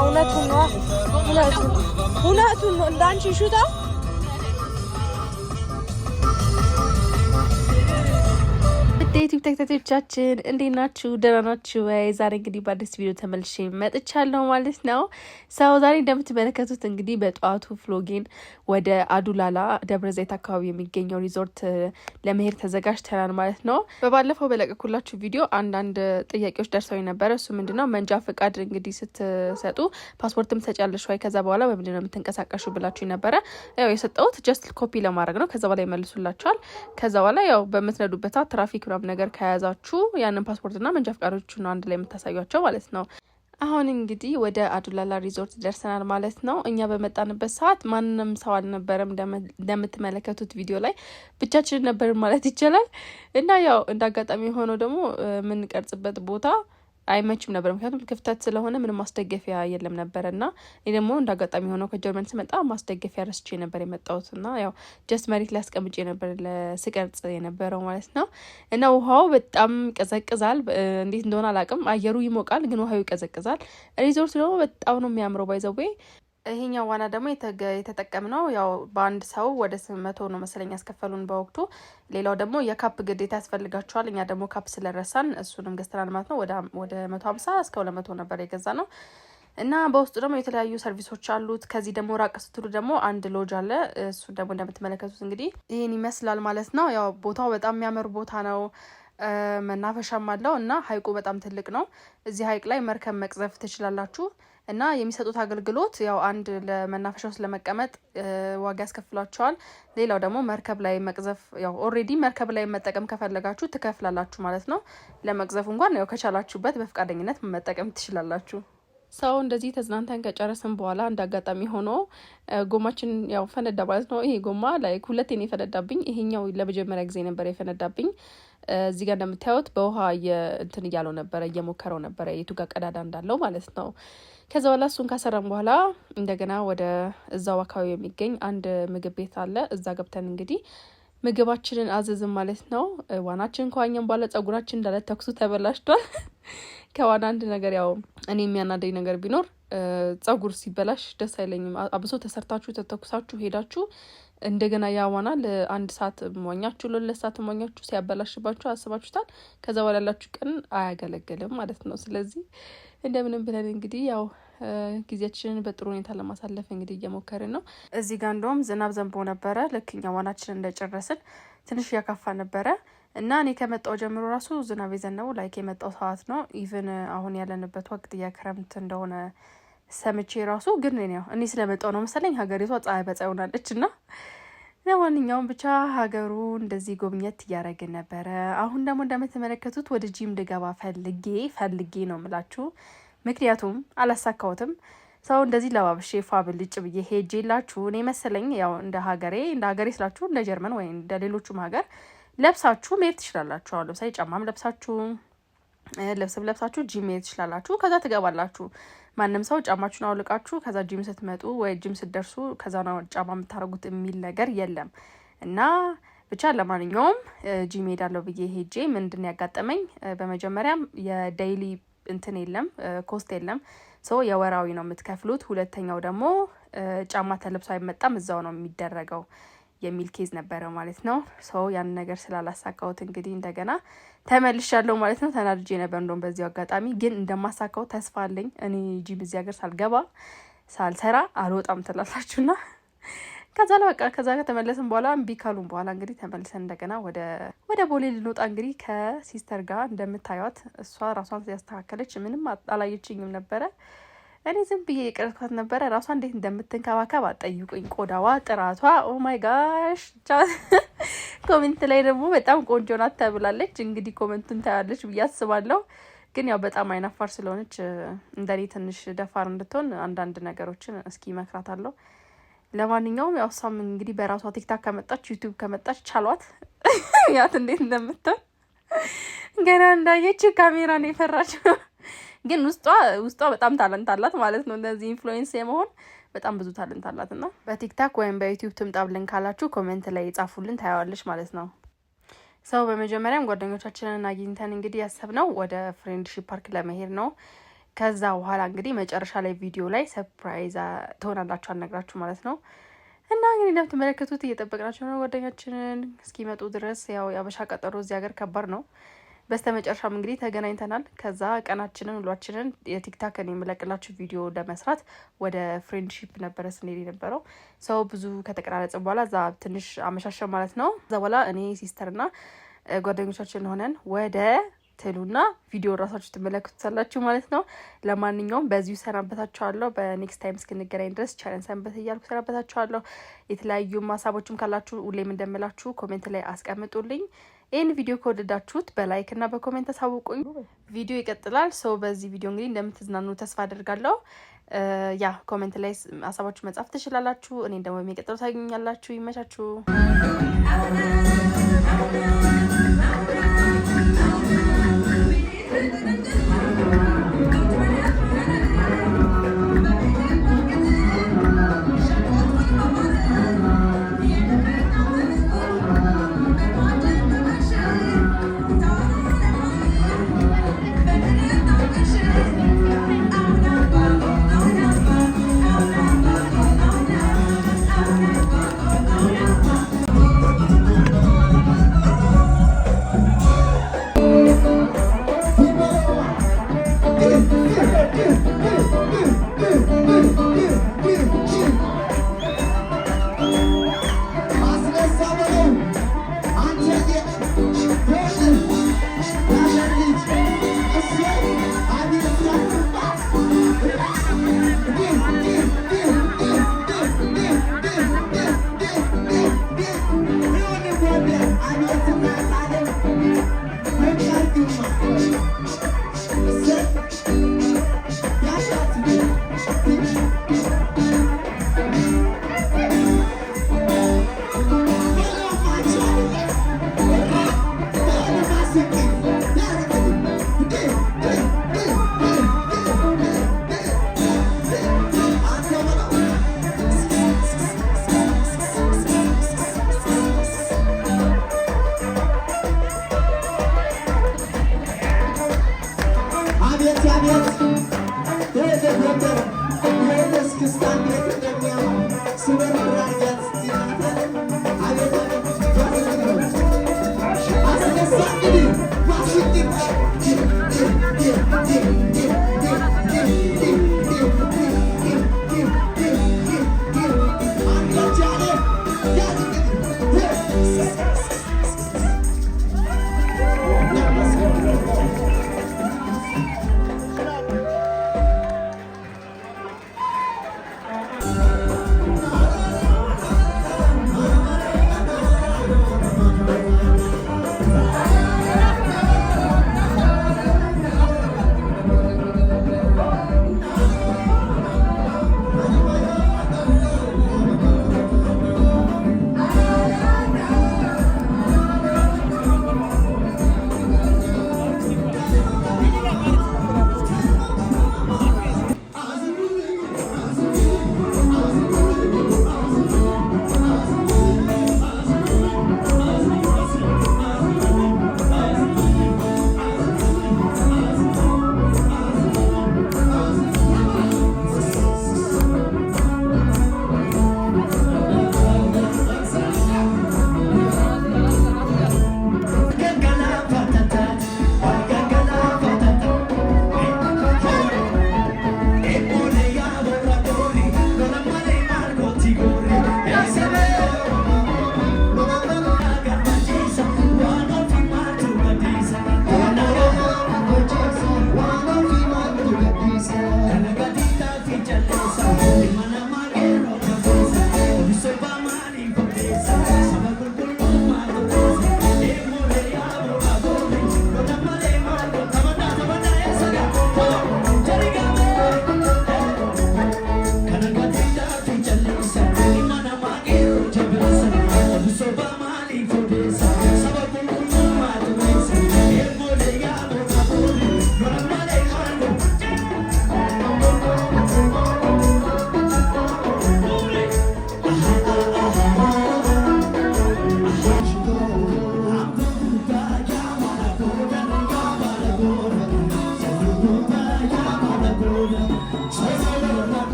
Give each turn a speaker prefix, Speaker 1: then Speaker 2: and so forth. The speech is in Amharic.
Speaker 1: ሁለቱን ነው እንዳንቺ ሹታ
Speaker 2: ተከታታዮቻችን እንዴት ናችሁ? ደህና ናችሁ ወይ? ዛሬ እንግዲህ በአዲስ ቪዲዮ ተመልሼ መጥቻለሁ ማለት ነው። ሰው ዛሬ እንደምትመለከቱት እንግዲህ በጠዋቱ ፍሎጌን ወደ አዱላላ ደብረ ዘይት አካባቢ የሚገኘው ሪዞርት ለመሄድ ተዘጋጅተናል ማለት ነው። በባለፈው በለቀኩላችሁ ቪዲዮ አንዳንድ ጥያቄዎች ደርሰው የነበረ እሱ ምንድነው መንጃ ፈቃድ እንግዲህ ስትሰጡ ፓስፖርትም ሰጫለሽ ወይ ከዛ በኋላ በምንድነው የምትንቀሳቀሹ ብላችሁ ነበረ። ያው የሰጠሁት ጀስት ኮፒ ለማድረግ ነው። ከዛ በኋላ ይመልሱላቸዋል። ከዛ በኋላ ያው በምትነዱበት ትራፊክ ምናምን ነገር ከያዛችሁ ያንን ፓስፖርትና መንጃ ፈቃዶች ነው አንድ ላይ የምታሳያቸው ማለት ነው። አሁን እንግዲህ ወደ አዱላላ ሪዞርት ደርሰናል ማለት ነው። እኛ በመጣንበት ሰዓት ማንም ሰው አልነበረም። እንደምትመለከቱት ቪዲዮ ላይ ብቻችን ነበርን ማለት ይቻላል። እና ያው እንደ አጋጣሚ የሆነው ደግሞ የምንቀርጽበት ቦታ አይመችም ነበር። ምክንያቱም ክፍተት ስለሆነ ምንም ማስደገፊያ የለም ነበረ እና እኔ ደግሞ እንደ አጋጣሚ የሆነው ከጀርመን ስመጣ ማስደገፊያ ረስቼ ነበር የመጣሁት እና ያው ጀስት መሬት ላይ አስቀምጬ ነበር ለስቀርጽ የነበረው ማለት ነው። እና ውሃው በጣም ይቀዘቅዛል። እንዴት እንደሆነ አላቅም አየሩ ይሞቃል፣ ግን ውሃው ይቀዘቅዛል። ሪዞርት ደግሞ በጣም ነው የሚያምረው ባይዘዌ ይሄኛው ዋና ደግሞ የተጠቀም ነው ያው በአንድ ሰው ወደ ስምንት መቶ ነው መሰለኝ ያስከፈሉን በወቅቱ። ሌላው ደግሞ የካፕ ግዴታ ያስፈልጋቸዋል። እኛ ደግሞ ካፕ ስለረሳን እሱንም ገዝተናል ማለት ነው። ወደ መቶ ሀምሳ እስከ ሁለት መቶ ነበር የገዛ ነው እና በውስጡ ደግሞ የተለያዩ ሰርቪሶች አሉት። ከዚህ ደግሞ ራቅ ስትሉ ደግሞ አንድ ሎጅ አለ። እሱ ደግሞ እንደምትመለከቱት እንግዲህ ይህን ይመስላል ማለት ነው። ያው ቦታው በጣም የሚያምር ቦታ ነው። መናፈሻም አለው እና ሀይቁ በጣም ትልቅ ነው። እዚህ ሀይቅ ላይ መርከብ መቅዘፍ ትችላላችሁ። እና የሚሰጡት አገልግሎት ያው አንድ ለመናፈሻ ውስጥ ለመቀመጥ ዋጋ ያስከፍላቸዋል። ሌላው ደግሞ መርከብ ላይ መቅዘፍ ያው ኦሬዲ መርከብ ላይ መጠቀም ከፈለጋችሁ ትከፍላላችሁ ማለት ነው። ለመቅዘፍ እንኳን ያው ከቻላችሁበት በፈቃደኝነት መጠቀም ትችላላችሁ። ሰው እንደዚህ ተዝናንተን ከጨረስን በኋላ እንደ አጋጣሚ ሆኖ ጎማችን ያው ፈነዳ ማለት ነው። ይሄ ጎማ ላይክ ሁለቴ ነው የፈነዳብኝ። ይሄኛው ለመጀመሪያ ጊዜ ነበር የፈነዳብኝ። እዚህ ጋር እንደምታዩት በውሃ እንትን እያለው ነበረ፣ እየሞከረው ነበረ የቱጋ ቀዳዳ እንዳለው ማለት ነው። ከዛ በኋላ እሱን ካሰራን በኋላ እንደገና ወደ እዛው አካባቢ የሚገኝ አንድ ምግብ ቤት አለ። እዛ ገብተን እንግዲህ ምግባችንን አዘዝን ማለት ነው። ዋናችን ከዋኘን በኋላ ጸጉራችን እንዳለ ተኩሱ ተበላሽቷል። ከዋና አንድ ነገር ያው እኔ የሚያናደኝ ነገር ቢኖር ጸጉር ሲበላሽ ደስ አይለኝም። አብሶ ተሰርታችሁ ተተኩሳችሁ ሄዳችሁ እንደገና ያዋና ለአንድ ሰዓት ሞኛችሁ ለሁለት ሰዓት ሞኛችሁ ሲያበላሽባችሁ አስባችሁታል። ከዛ በኋላ ያላችሁ ቀን አያገለግልም ማለት ነው። ስለዚህ እንደምንም ብለን እንግዲህ ያው ጊዜያችንን በጥሩ ሁኔታ ለማሳለፍ እንግዲህ እየሞከርን ነው። እዚህ ጋር እንደውም ዝናብ ዘንቦ ነበረ። ልክ እኛ ዋናችንን እንደጨረስን ትንሽ እያካፋ ነበረ እና እኔ ከመጣው ጀምሮ ራሱ ዝናብ የዘነበው ላይክ የመጣው ሰዓት ነው። ኢቨን አሁን ያለንበት ወቅት የክረምት እንደሆነ ሰምቼ ራሱ ግን እኔ ስለመጣው ነው መሰለኝ ሀገሪቷ ፀሐይ በፀሐይ ሆናለች እና ለማንኛውም ብቻ ሀገሩ እንደዚህ ጎብኘት እያደረግን ነበረ። አሁን ደግሞ እንደምትመለከቱት ወደ ጂም ልገባ ፈልጌ ፈልጌ ነው ምላችሁ። ምክንያቱም አላሳካሁትም። ሰው እንደዚህ ለባብሼ ፋ ብልጭ ብዬ ሄጄ ላችሁ እኔ መሰለኝ ያው እንደ ሀገሬ እንደ ሀገሬ ስላችሁ እንደ ጀርመን ወይ እንደ ሌሎቹም ሀገር ለብሳችሁ መሄድ ትችላላችሁ። አሁን ለምሳሌ ጫማም ለብሳችሁ ልብስም ለብሳችሁ ጂም መሄድ ትችላላችሁ። ከዛ ትገባላችሁ ማንም ሰው ጫማችሁን አውልቃችሁ ከዛ ጂም ስትመጡ ወይ ጂም ስትደርሱ ከዛ ነው ጫማ የምታደርጉት የሚል ነገር የለም እና ብቻ ለማንኛውም ጂም ሄዳለሁ ብዬ ሄጄ ምንድን ያጋጠመኝ በመጀመሪያም የዴይሊ እንትን የለም ኮስት የለም ሰው የወራዊ ነው የምትከፍሉት። ሁለተኛው ደግሞ ጫማ ተለብሶ አይመጣም፣ እዛው ነው የሚደረገው። የሚል ኬዝ ነበረ ማለት ነው። ሰው ያን ነገር ስላላሳካሁት እንግዲህ እንደገና ተመልሻለሁ ማለት ነው። ተናድጄ ነበር እንደውም በዚሁ አጋጣሚ ግን እንደማሳካው ተስፋ አለኝ። እኔ ጂም እዚህ ሀገር ሳልገባ ሳልሰራ አልወጣም ትላላችሁና ከዛ ላይ በቃ ከዛ ከተመለስን በኋላ እምቢ ካሉን በኋላ እንግዲህ ተመልሰን እንደገና ወደ ወደ ቦሌ ልንወጣ እንግዲህ ከሲስተር ጋር እንደምታዩት እሷ ራሷን ያስተካከለች ምንም አላየችኝም ነበረ እኔ ዝም ብዬ የቀረጥኳት ነበረ። ራሷ እንዴት እንደምትንከባከብ አጠይቁኝ። ቆዳዋ፣ ጥራቷ ኦማይ oh ጋሽ። ኮሜንት ላይ ደግሞ በጣም ቆንጆ ናት ተብላለች። እንግዲህ ኮሜንቱን ታያለች ብዬ አስባለሁ። ግን ያው በጣም አይናፋር ስለሆነች እንደኔ ትንሽ ደፋር እንድትሆን አንዳንድ ነገሮችን እስኪ መክራታለሁ። ለማንኛውም ያው እሷም እንግዲህ በራሷ ቲክታክ ከመጣች ዩቲዩብ ከመጣች ቻሏት ያት እንዴት እንደምትሆን ገና እንዳየች ነው የፈራችው ግን ውስጧ ውስጧ በጣም ታለንት አላት ማለት ነው። እንደዚህ ኢንፍሉዌንስ የመሆን በጣም ብዙ ታለንት አላት እና በቲክታክ ወይም በዩቲዩብ ትምጣ ካላችሁ ኮሜንት ላይ የጻፉልን ታየዋለች ማለት ነው። ሰው በመጀመሪያም ጓደኞቻችንን አግኝተን እንግዲህ ያሰብነው ወደ ፍሬንድሺፕ ፓርክ ለመሄድ ነው። ከዛ በኋላ እንግዲህ መጨረሻ ላይ ቪዲዮ ላይ ሰርፕራይዝ ትሆናላችሁ አልነግራችሁ ማለት ነው። እና እንግዲህ እንደምትመለከቱት እየጠበቅናቸው ነው ጓደኛችንን እስኪመጡ ድረስ። ያው የአበሻ ቀጠሮ እዚህ ሀገር ከባድ ነው። በስተመጨረሻም እንግዲህ ተገናኝተናል። ከዛ ቀናችንን ውሏችንን የቲክታክን የምለቅላችሁ ቪዲዮ ለመስራት ወደ ፍሬንድሺፕ ነበረ ስንሄድ የነበረው ሰው ብዙ ከተቀራረጽ በኋላ እዛ ትንሽ አመሻሸ ማለት ነው። እዛ በኋላ እኔ ሲስተርና ጓደኞቻችን ሆነን ወደ ትሉና ቪዲዮ ራሳችሁ ትመለከቱታላችሁ ማለት ነው። ለማንኛውም በዚሁ ሰናበታችኋለሁ። በኔክስት ታይም እስክንገናኝ ድረስ ቻለን ሰንበት እያልኩ ሰናበታችኋለሁ። የተለያዩ ሀሳቦችም ካላችሁ ሁሌም እንደምላችሁ ኮሜንት ላይ አስቀምጡልኝ። ይህን ቪዲዮ ከወደዳችሁት በላይክ እና በኮሜንት አሳውቁኝ። ቪዲዮ ይቀጥላል። ሰው በዚህ ቪዲዮ እንግዲህ እንደምትዝናኑ ተስፋ አደርጋለሁ። ያ ኮሜንት ላይ ሀሳባችሁ መጻፍ ትችላላችሁ። እኔ ደግሞ የሚቀጥለው ታገኛላችሁ። ይመቻችሁ።